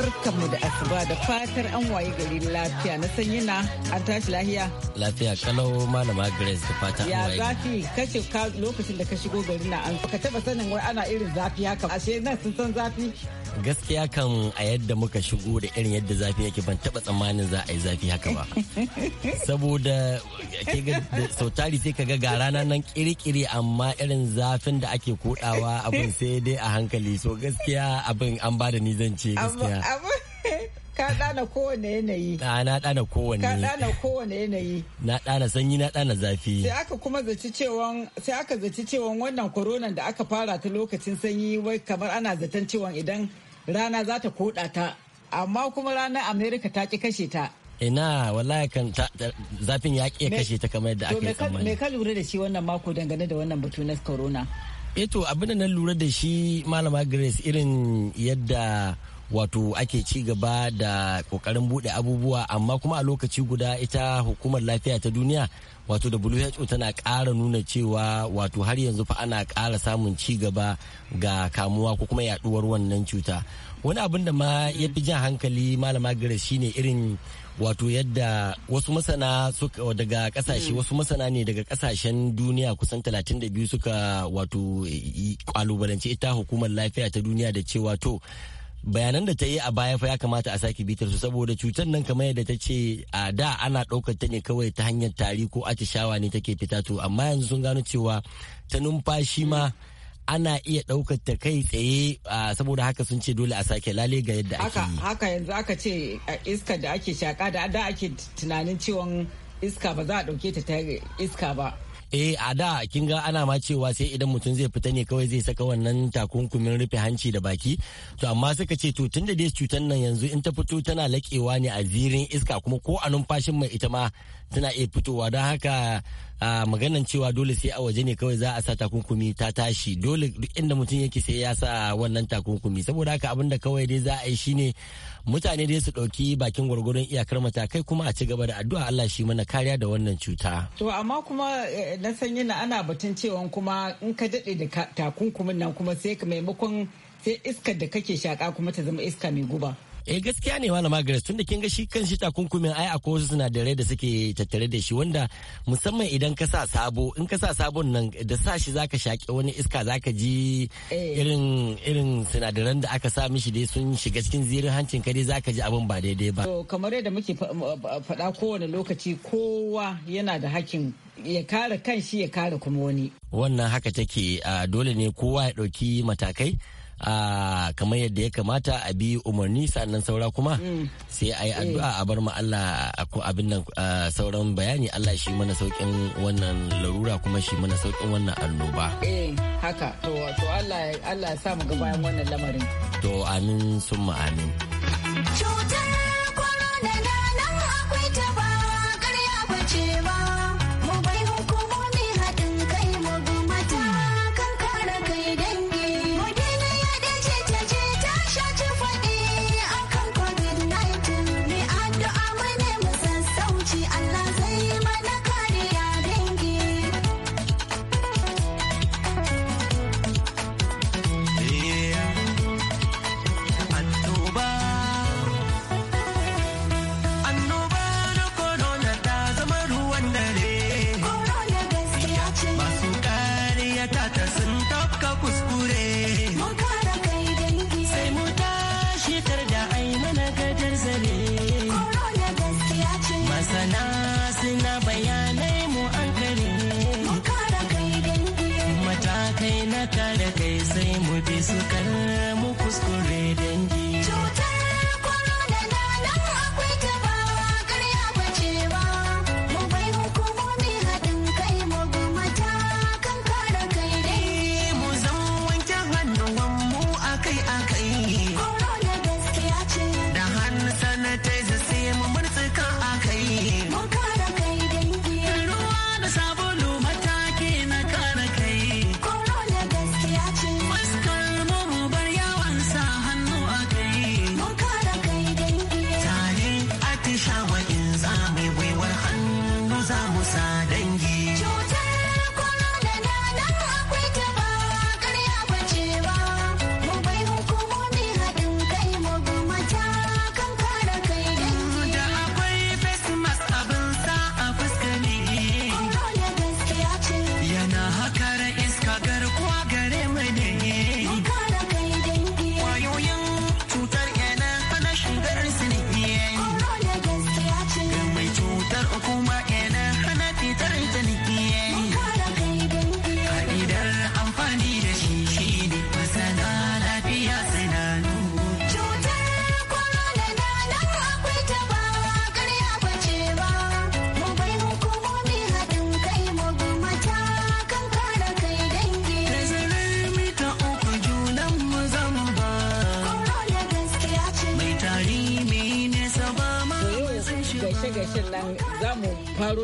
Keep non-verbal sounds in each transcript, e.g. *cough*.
barkanmu da asuba da fatar an waye gari lafiya na sanyi na an tashi lahiya. Lafiya kalau malama Grace da fatan Ya zafi kashe lokacin da ka shigo gari na an ka taba sanin wai ana irin zafi haka ashe nan sun san zafi gaskiya kan a yadda muka shigo da irin yadda zafi yake ban taba tsammanin za a yi zafi haka ba *laughs* saboda sau tari sai ka ga rana nan kirikiri amma irin zafin da ake kodawa abin sai dai a hankali so gaskiya abin an ba da ni zan ci gaskiya Ka ɗana kowane yanayi. A ah, na dana kowane. Ka dana kowane yanayi. Na dana sanyi na dana zafi. Sai aka kuma zaci cewan sai aka zaci cewan wannan corona da aka fara ta lokacin sanyi wai kamar ana zaton cewa idan rana za ta koda ta amma kuma ranar Amerika ta ki kashe ta. ina wallahi kan zafin ya ke kashe ta kamar yadda ake tsammani me ka lura da shi wannan mako dangane da wannan batu na corona Eto, eh abin da na lura da shi malama grace irin yadda wato ake ci gaba da kokarin bude abubuwa amma kuma a lokaci guda ita hukumar lafiya ta duniya wato WHO tana kara nuna cewa wato har yanzu fa ana ƙara samun ci gaba ga kamuwa ko kuma yaduwar wannan cuta wani abin da ma ya fi jan hankali malama gare shine irin wato yadda wasu masana daga kasashe hmm. wasu masana ne daga kasashen duniya kusan 32 suka wato kwalubalance ita hukumar lafiya ta duniya da cewa to bayanan da ta yi a baya fa ya kamata a sake bitar su saboda cutar nan kamar yadda ta ce a da ana ɗaukar ta ne kawai ta hanyar tari ko atishawa ne take fita to amma yanzu sun gano cewa ta numfashi ma ana iya ɗaukar ta kai tsaye saboda haka sun ce dole a sake lale ga yadda ake yi. Haka yanzu aka ce iska da ake shaka da da ake tunanin ciwon iska ba za a ɗauke ta ta iska ba eh a da kin ga ana ma cewa sai idan mutum zai fita ne kawai zai saka wannan takunkumin rufe hanci da baki to amma suka ce to tunda dai cutar nan yanzu in ta fito tana laƙewa ne a zirin iska kuma ko a numfashin mai ita ma suna iya fitowa don haka a maganan cewa dole sai a waje ne kawai za a sa takunkumi ta tashi dole duk inda mutum yake sai ya sa wannan takunkumi saboda haka abinda kawai dai za a yi shine mutane dai su ɗauki bakin gwargwaron iyakar matakai kuma a ci gaba da addu'a Allah shi mana kariya da wannan cuta. To amma kuma eh, na san yana ana batun cewa kuma in ka daɗe da takunkumin nan kuma sai maimakon sai iskar da kake shaka kuma ta zama iska mai guba. eh gaskiya ne malama gares tunda kin ga shi kan shi takunkumin ai akwai wasu sinadarai da suke tattare da shi wanda musamman idan ka sa sabo in ka sa sabon nan da sa shi zaka shaƙi wani iska zaka ji eh. irin irin sinadaran da aka sa mishi dai sun shiga cikin zirin hancin ka dai zaka ji abin ba daidai ba to kamar yadda muke faɗa kowane lokaci kowa yana da hakkin ya kare kan shi ya kare kuma wani wannan haka take dole ne kowa ya ɗauki matakai kamar yadda ya kamata a bi umarni sannan saura kuma mm. sai a yi eh. addu'a a bar ma Allah ko abin nan sauran bayani Allah shi mana saukin wannan larura kuma shi mana saukin wannan annoba. Eh haka to to Allah Allah ya sa mu ga bayan wannan lamarin. To amin summa amin. Cutar corona na nan akwai ta sana suna bayanai mu an kare matakai na kare kai sai mu bi su kar mu kuskure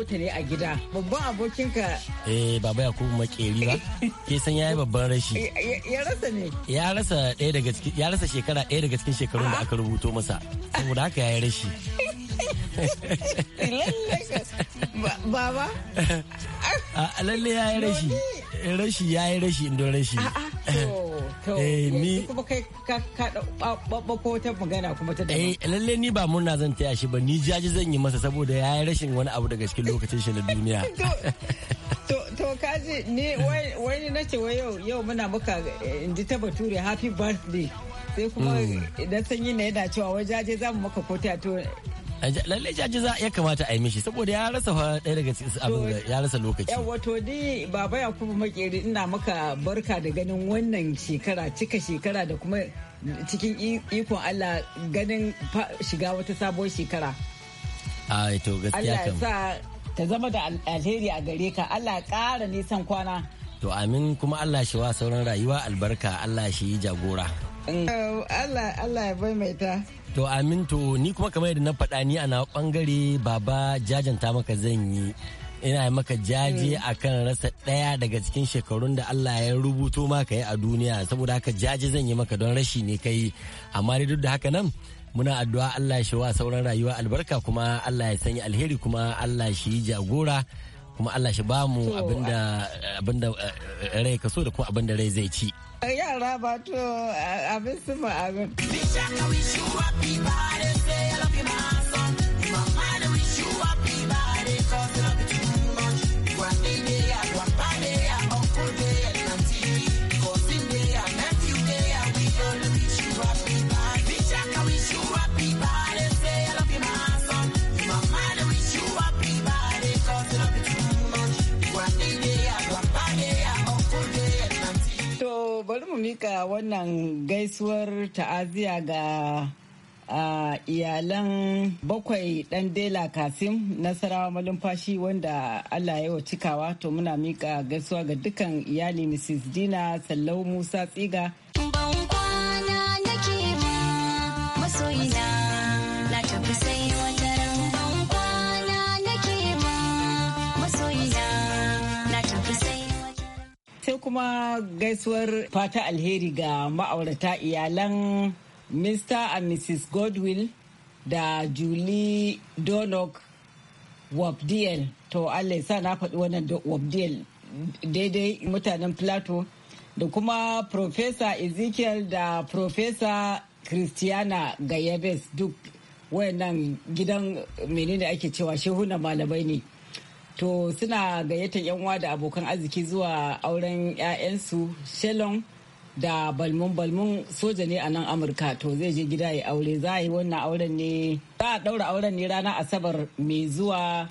kirkiro ta ne a gida babban abokinka eh baba yakubu makeri ba *laughs* ke san yayi babban rashi ya rasa ne ya rasa ɗaya daga cikin ya rasa shekara ɗaya daga cikin shekarun da aka rubuto masa saboda haka yayi rashi *laughs* baba *laughs* lalle yayi rashi rashi yayi rashi indon rashi Eh, eh ni kuma kai ka babbako ta magana kuma ta eh lalle ni ba murna zan taya shi ba ni jaji zan yi masa saboda ya yi rashin wani abu daga cikin lokacin shi na duniya *laughs* to kaji ni wani na ce yau yau muna muka eh, inji ta bature happy birthday sai kuma hmm. idan sanyi na yana cewa wajaje za mu maka ta to lalle jaji za ya kamata a yi mishi saboda ya rasa fa ɗaya daga abin ya rasa lokaci yawa to dai baba yakubu makeri ina maka barka da ganin wannan shekara cika shekara da kuma cikin ikon Allah ganin shiga wata sabuwar shekara a to gaskiya kan. Allah sa ta zama da alheri a gare ka Allah ya ƙara nisan kwana to amin kuma Allah shi wa sauran rayuwa albarka Allah shi jagora mm. Allah Allah ya maimaita To aminto ni kuma kamar yadda na faɗa ni ana bangare baba jajanta maka zan yi. Ina maka jaje hmm. a kan rasa ɗaya daga cikin shekarun da Allah ya rubuto maka yi a duniya saboda haka jaje zan yi maka don rashi ne kai amma dai duk da haka nan muna addu'a Allah shi wa sauran rayuwa albarka kuma Allah ya sanya alheri kuma Allah shi jagora kuma Allah shi ba mu abinda eh, rai ka so da kuma abinda rai zai ci. Yara ba to abin su ma abin. mika wannan gaisuwar ta'aziyya ga a iyalan bakwai dan dela kasim nasarawa malumfashi wanda allah ya cikawa to muna mika gaisuwa ga dukkan iyali mrs dina sallau musa tsiga kuma gaisuwar fata alheri ga ma'aurata iyalan Mr. and Mrs. Godwill da Julie Donok Wabdiel. To Allah sa na faɗi wannan Wabdiel daidai mutanen Plato da kuma Professor Ezekiel da Professor Christiana Gayabes duk wayannan gidan menene ake cewa shehunan malamai ne. to suna gayyatar yan uwa da abokan arziki zuwa auren 'ya'yansu shelon da balmun balmun soja ne a nan amurka to zai je gida ya aure za a yi wannan auren ne za a daura auren ne ranar asabar mai zuwa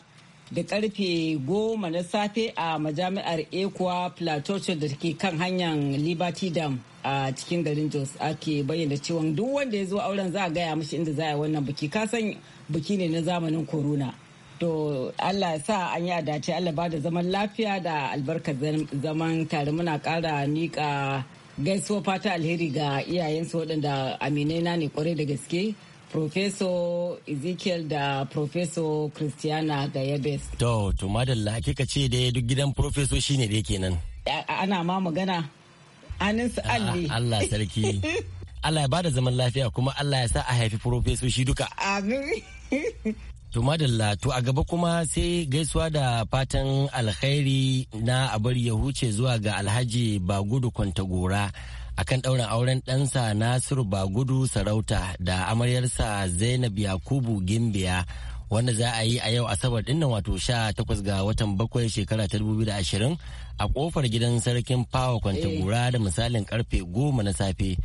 da karfe goma na safe a majami'ar ekuwa plateau da ke kan hanyar liberty dam a cikin garin jos ake bayyana cewa duk wanda ya zo auren za a gaya mashi inda za a yi wannan biki kasan biki ne na zamanin corona To Allah sa an yi adace Allah ba da zaman lafiya da albarkar zaman tare muna kara nika gaisuwa fata alheri ga iyayensu waɗanda aminai na ne kwarai da gaske. Profeso Ezekiel da Profeso Christiana Gayabes. To, to madalla kika ce da duk gidan Profeso shine dai kenan. Ana ma magana. Anin su ah, Allah sarki. *laughs* Allah ya bada zaman lafiya kuma Allah ya sa a haifi Profeso shi duka. Amin. *laughs* To madalla to a gaba kuma sai gaisuwa da fatan alkhairi na abar ya huce zuwa ga alhaji Bagudu Kwantagora akan ɗaurin auren ɗansa Nasiru Bagudu Sarauta da amaryarsa Zainab Yakubu Gimbiya wanda za a yi a yau asabar dinnan wato sha takwas ga watan bakwai shekara ta dubu da ashirin a kofar gidan sarkin fawa kwantagora eh. da misalin karfe goma na safe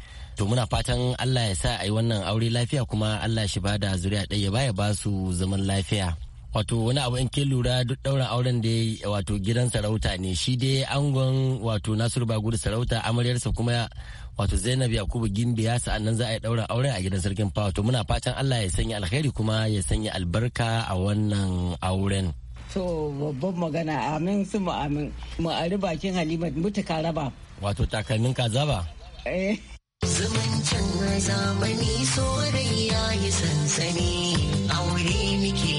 to muna fatan Allah ya sa a yi wannan aure lafiya kuma Allah shi ba da zuriya ɗaya ba ya ba su zaman lafiya wato wani abu in kin lura duk ɗaurin auren da wato gidan sarauta ne shi dai angon wato nasiru bagudu sarauta amaryarsa kuma wato zainab yakubu ya sa'annan za a yi ɗaurin auren a gidan sarkin fa wato muna fatan Allah ya sanya alkhairi kuma ya sanya albarka a wannan auren to babban magana amin su mu amin mu bakin halima mutu ka raba wato takalmin ka zaba. eh zumuncin zamani so ya yi sansani aure muke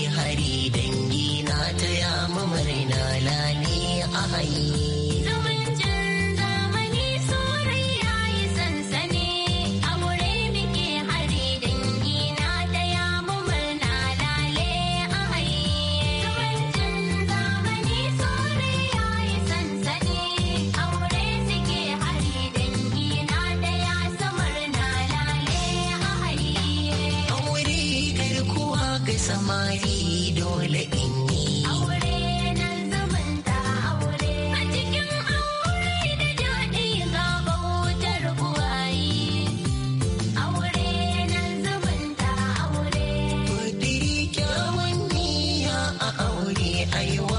I, you?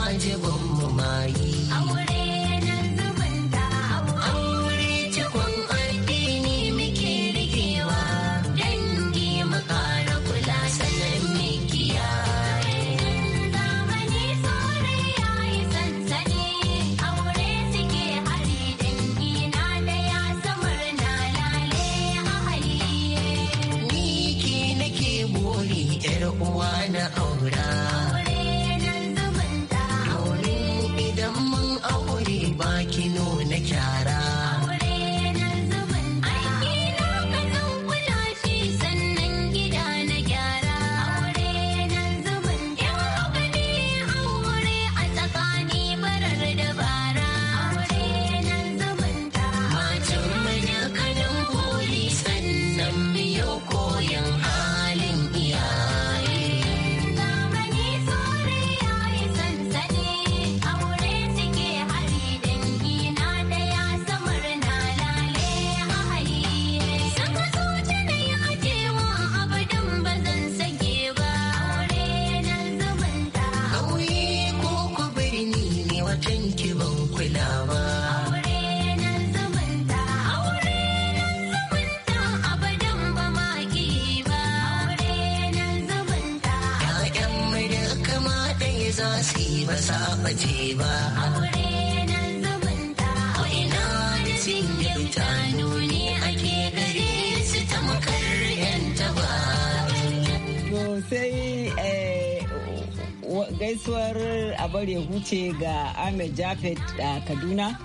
gaisuwar abar ya huce ga ahmed jafet a kaduna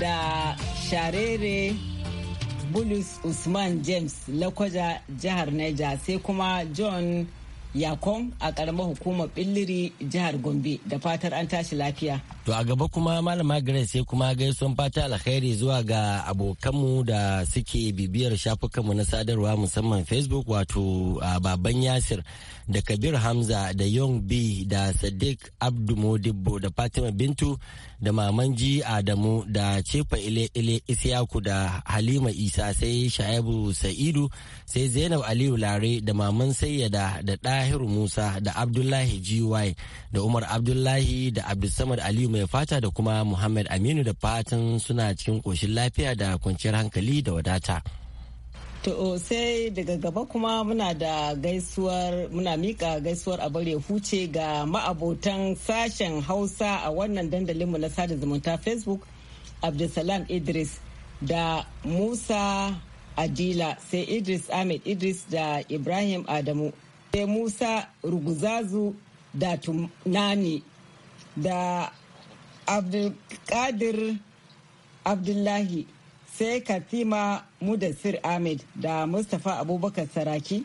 da sharere bulus usman james lakwaja jihar niger sai kuma john yakon a karamar hukumar billiri jihar gombe da fatar an tashi lafiya To a gaba kuma Malama Grace sai kuma gaisuwan fata alkhairi zuwa ga abokanmu da suke bibiyar shafukanmu na sadarwa musamman Facebook wato Baban Yasir da Kabir Hamza da Young B da Sadiq Abdu Modibbo da Fatima Bintu da Maman Ji Adamu da Cefa Ile Ile Isiyaku da Halima Isa sai Shaibu Sa'idu sai Zainab Aliyu Lare da Maman Sayyada da Dahiru Musa da Abdullahi GY da Umar Abdullahi da Abdulsamad Aliyu mai fata da kuma muhammad aminu da fatan suna cikin koshin lafiya da kwanciyar hankali da wadata to sai daga gaba kuma muna da gaisuwar muna mika gaisuwar a bare huce ga ma'abotan sashen hausa a wannan dandalinmu na sada zumunta facebook abdulsalam idris da musa adila sai idris ahmed idris da ibrahim adamu sai musa ruguzazu da tunani da abdulkadir abdullahi sai katima mudassir ahmed da mustapha abubakar saraki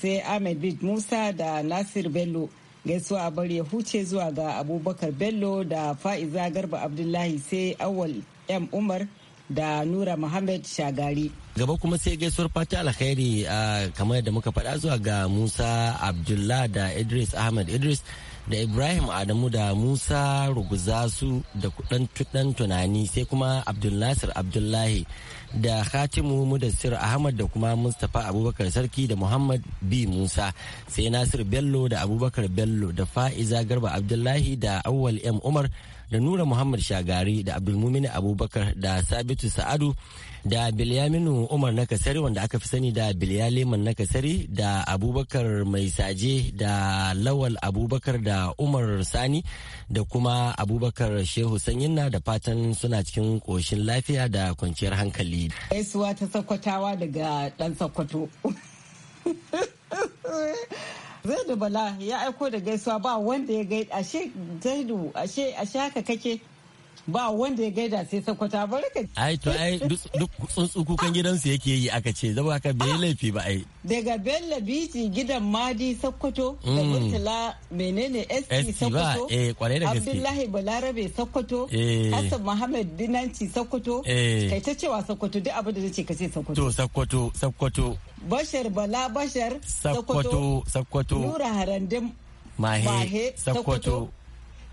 sai ahmed bid musa da nasir bello gaisuwa a bari ya huce zuwa ga abubakar bello da fa'iza garba abdullahi sai awal m umar da nura muhammad shagari gaba kuma sai gaisuwar fata alkhairi ah, kamar yadda muka faɗa zuwa ga musa abdullah da idris ahmed idris da ibrahim adamu da musa ruguza su da kudan tunani sai kuma abdulnasir abdullahi da Khatimu Mudassir Ahmad da kuma Mustapha Abubakar Sarki da Muhammad B Musa sai Nasir Bello da Abubakar Bello da Fa'iza Garba Abdullahi da Awwal M Umar da Nura Muhammad Shagari da Abdulmumin Abubakar da Sabitu Sa'adu da Bilyaminu Umar na Kasari wanda aka fi sani da bilyaliman Nakasari na Kasari da Abubakar Mai Saje da Lawal Abubakar da Umar Sani da kuma Abubakar Shehu Sanyinna da fatan suna cikin ƙoshin lafiya da kwanciyar hankali. Gaisuwa ta sakwatawa daga ɗan zai Zaidu Bala ya aiko da gaisuwa ba wanda ya gaida ashe Zaidu ashe ashe haka kake ba wanda ya gaida sai sakwata barka ai to ai duk tsuntsu kukan gidansu yake yi aka ce zaba ka bai laifi ba ai daga bella biti gidan madi Sokoto. da mm. murtala menene st Sokoto. Eh, abdullahi balarabe sakkwato eh. hassan muhammad dinanci Sokoto. Eh. kai ta cewa Sokoto duk abin da nace ka ce Sokoto. to sakkwato sakkwato bashar bala bashar Sokoto. Sokoto. nura harandin mahe Sokoto.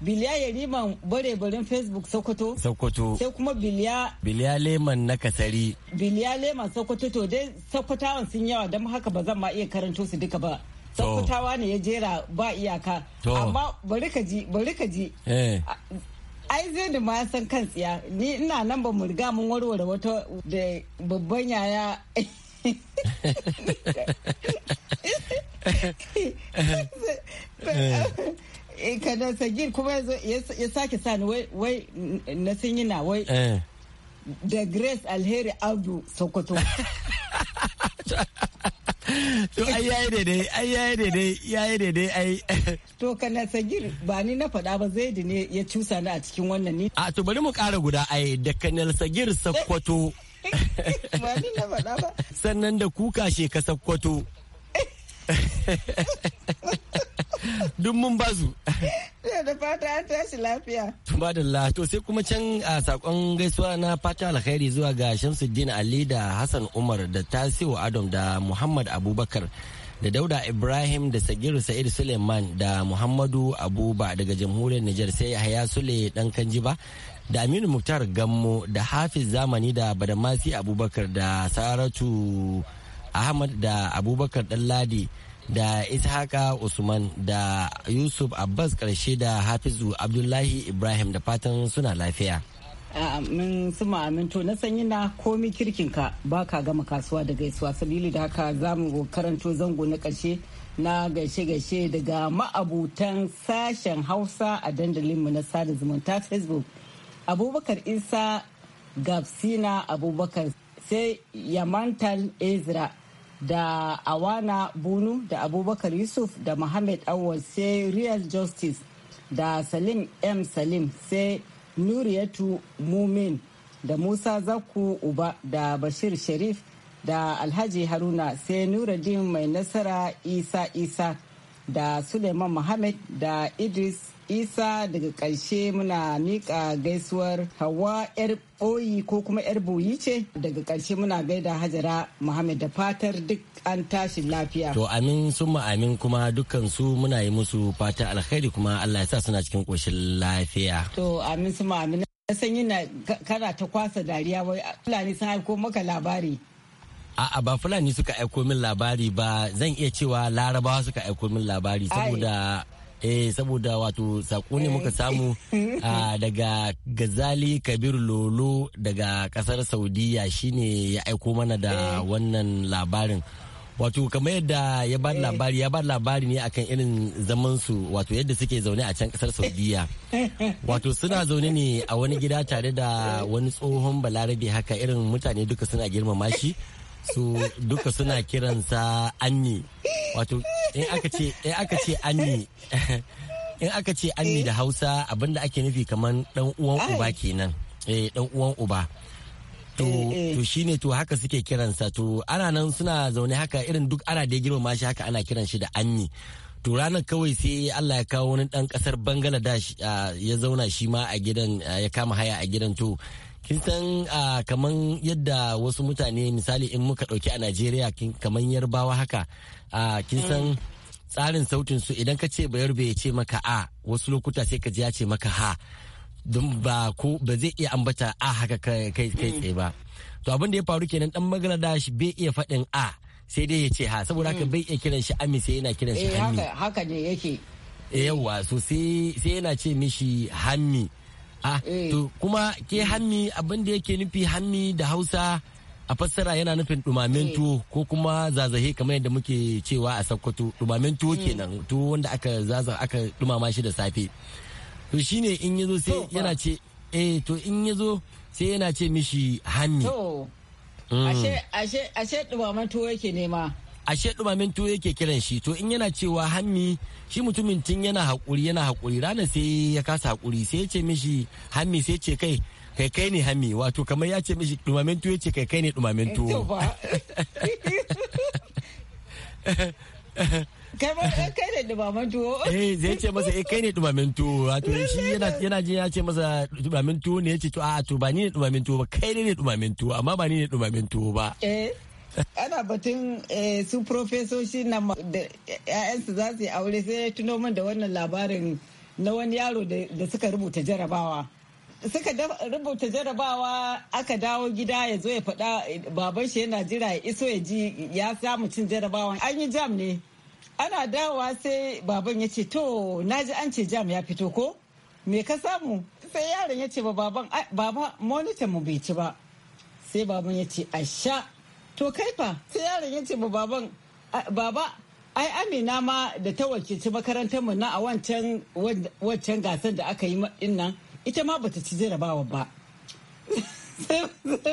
biliya yariman bare-baren facebook sokoto sokoto sai kuma biliya biliya leman na kasari biliya leman sokoto to dai sokotawan sun yawa don haka ba zan ma iya karanto su duka ba sokotawa ne ya jera ba iyaka amma bari ka ji bari ka ji eh. ai zai da ma san kan tsiya ni ina nan ba mu riga mun warware wata da babban yaya *laughs* *laughs* *laughs* eh. Eh. Eh, kada sagir kuma ya sake sani wai na sun yi na wai da eh. grace alheri abdu sokoto to ai yayi daidai ai yayi daidai yayi dai ai to kana sagir ba ni na faɗa ba da ne ya cusa ni a cikin wannan ni a to bari mu ƙara guda ai da kanal sagir *laughs* ba ni na faɗa ba sannan da kuka she ka sakkwato *laughs* duk mun bazu eh, da fata an tashi lafiya to sai kuma can a sakon gaisuwa na fata alkhairi zuwa ga shamsuddin ali da hassan umar da tasiu adam da muhammad abubakar da dauda ibrahim da sagiru sa'id suleiman da muhammadu abuba daga jamhuriyar nijar sai yahaya sule dan kanjiba da aminu muktar gammo da hafiz zamani da badamasi abubakar da saratu ahmad da abubakar dan ladi da ishaka usman da yusuf abbas karshe da hafizu abdullahi ibrahim da fatan suna lafiya amin suma amin na sanyi na komi kirkinka ba ka gama kasuwa da gaisuwa sabili da haka za mu karanto zango na ƙarshe na gaishe-gaishe daga ma'abutan sashen hausa a dandalinmu na sada zumunta facebook abubakar isa gabsina abubakar sai yamantan ezra da awana bunu da abubakar yusuf da muhammad awon sai real justice da salim m salim sai nuriyatu mumin da musa zaku uba da bashir sharif da alhaji haruna sai nuruddin mai nasara isa isa da Suleiman Mohammed da Idris isa daga ƙarshe muna miƙa gaisuwar hawa 'yar ɓoyi ko kuma 'yar boyi ce daga karshe muna gaida hajara muhammad da fatar duk an tashi lafiya to amin sun amin kuma dukkan su muna yi musu fata alkhairi kuma allah ya sa suna cikin ƙoshin lafiya to amin sun amin na sanyi na kana ta kwasa dariya wai fulani sun haiko maka labari A'a ba Fulani suka aiko min labari ba zan iya cewa Larabawa suka aiko min labari saboda eh saboda wato sako ne muka eh. samu *laughs* daga Gazali Kabir Lolo daga kasar Saudiya shine ya aiko mana da eh. wannan labarin. wato kamar yadda ya ba eh. labari ya ba labari ne akan irin zaman su wato yadda suke zaune a can kasar saudiya *laughs* wato suna zaune ne a wani gida tare da wani tsohon balarabe haka irin mutane duka suna girmama shi su duka suna kiransa anni wato in aka ce in aka ce anni *laughs* in aka ce anni da hausa abinda ake nufi kamar dan uwan uba kenan eh dan uwan uba to eh, eh. to shine to haka suke kiransa to ana nan suna zaune haka irin duk ana da girmama shi haka ana kiran shi da anni to ranar kawai sai Allah ya kawo wani dan kasar Bangladesh ah, ya zauna shi ma a gidan ah, ya kama haya a gidan to kin san kaman yadda wasu mutane misali in muka ɗauki a najeriya kaman yarbawa haka kin san mm. tsarin sautin su idan ka ce bayar ya ce maka a wasu lokuta sai ka ji ya ce maka ha don ba ko ba zai iya ambata a haka kai tsaye ba to abin da ya faru kenan dan magana bai iya faɗin a sai dai ya ce ha saboda haka mm. bai iya kiran shi ami sai yana kiran shi eh, hammi haka ne yake eh, yawa so sai yana ce mishi hammi a ah, eh. to kuma ke mm. hammi abin da yake nufi hammi da hausa a fassara yana nufin dumamen eh. tuwo ko kuma zazahe kamar yadda muke cewa a sakkwato dumamen tuwo mm. kenan tuwo wanda aka zaza aka dumama shi da safe to shine in yazo sai yana ce eh to in yazo sai yana ce mishi hammi ashe ashe ashe dumamen tuwo yake nema ashe dumamin tuwo yake kiran shi to in yana cewa hammi shi mutumin tun yana hakuri yana hakuri ranar sai ya kasa hakuri sai ya ce mishi hammi sai ce kai kai kai ne hammi wato kamar ya ce mishi dumamin tuwo ya kai kai ne dumamin eh, tuwo *laughs* eh, kai ne dumamin tuwo eh zai ce masa eh kai ne dumamin tuwo wato shi yana yana jin ya ce masa dumamin tuwo ne ya ce to a to ba ni ne dumamin tuwo ba kai ne dumamin tuwo amma ba ni ne dumamin tuwo ba eh ana batun eh, su profesoshi na da 'ya'yansu za su yi aure sai ya tuno min da wannan labarin na wani yaro da suka rubuta jarabawa suka rubuta jarabawa aka dawo gida ya zo ya faɗa baban shi yana jira ya iso ya ji ya samu cin jarabawa an yi jam ne ana dawowa sai baban ya ce to na ji an ce jam ya fito ko me ka samu sai yaron ya ce ba baban baba monitor mu bai ci ba sai baban ya ce asha to kai fa sai yaron ya ce ba baban baba ai amina ma da ta wakilci makarantar mu na a wancan wancan gasar da aka yi in nan ita ma bata ci jarabawa ba *laughs* sai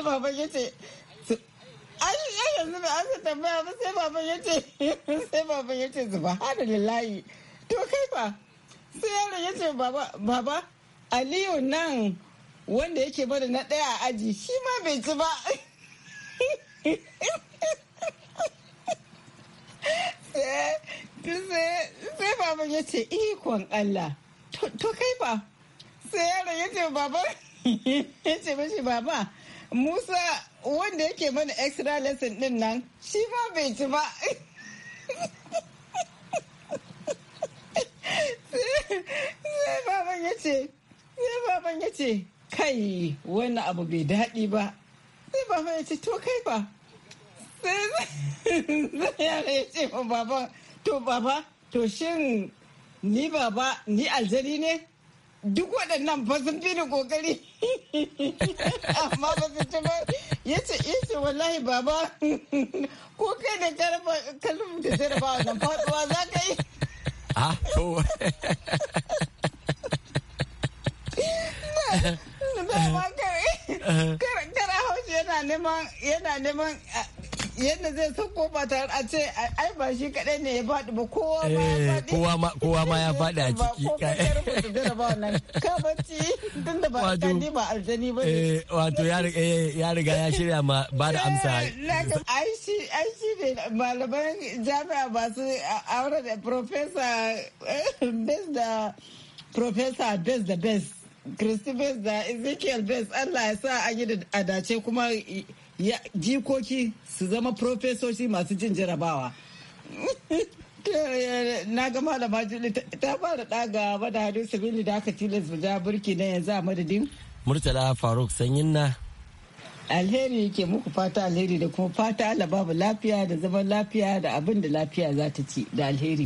baban ya ce ai yanzu ba aka tambaya ba sai baban ya ce *laughs* sai baban ya ce subhanallahi to kai fa sai yaron ya ce baba baba aliyu nan wanda yake bada na daya a aji shi ma bai ci ba *laughs* sai baban ya ce ikon Allah to kai ba sai yara ya ce baba ya ce mashi baba Musa wanda yake mana extra lesson din nan shi ba bai ci ba sai baban ya ce sai baban ya ce kai wani abu bai daɗi ba sai baba ya ce to kai ba sai yara ya ce papá, to baba to shin ni baba ni alzari, ¿no? duk waɗannan ba sun fi ni ƙoƙari amma ba su ci ba ya ce ya wallahi baba ko kai da karfa kallon da jarabawa nan faɗuwa za ka yi ah na ba Kar haushi yana neman yana neman yadda zai sauko ba tare a ce ai ba shi kadai ne ya faɗi ba kowa ma ya eh, faɗi kowa ma ya faɗi a ciki ka bacci tun da ba a kandi ba aljani ba ne eh, wato eh, ya riga ya shirya ma ba da amsa ai shi ai shi ne malaman jami'a ba su aure da professor best da professor best da best Christopher da Ezekiel Best Allah ya sa an yi a dace kuma jikoki su zama profesoshi masu jin jarabawa. *laughs* na gama malama juli ta fara daga wadda hadu sabili da aka tilas ja burki na yanzu a madadin murtala faruk sanyin na alheri ke muku fata alheri da kuma fata allah babu lafiya da zaman lafiya da abin da lafiya za ta ci da alheri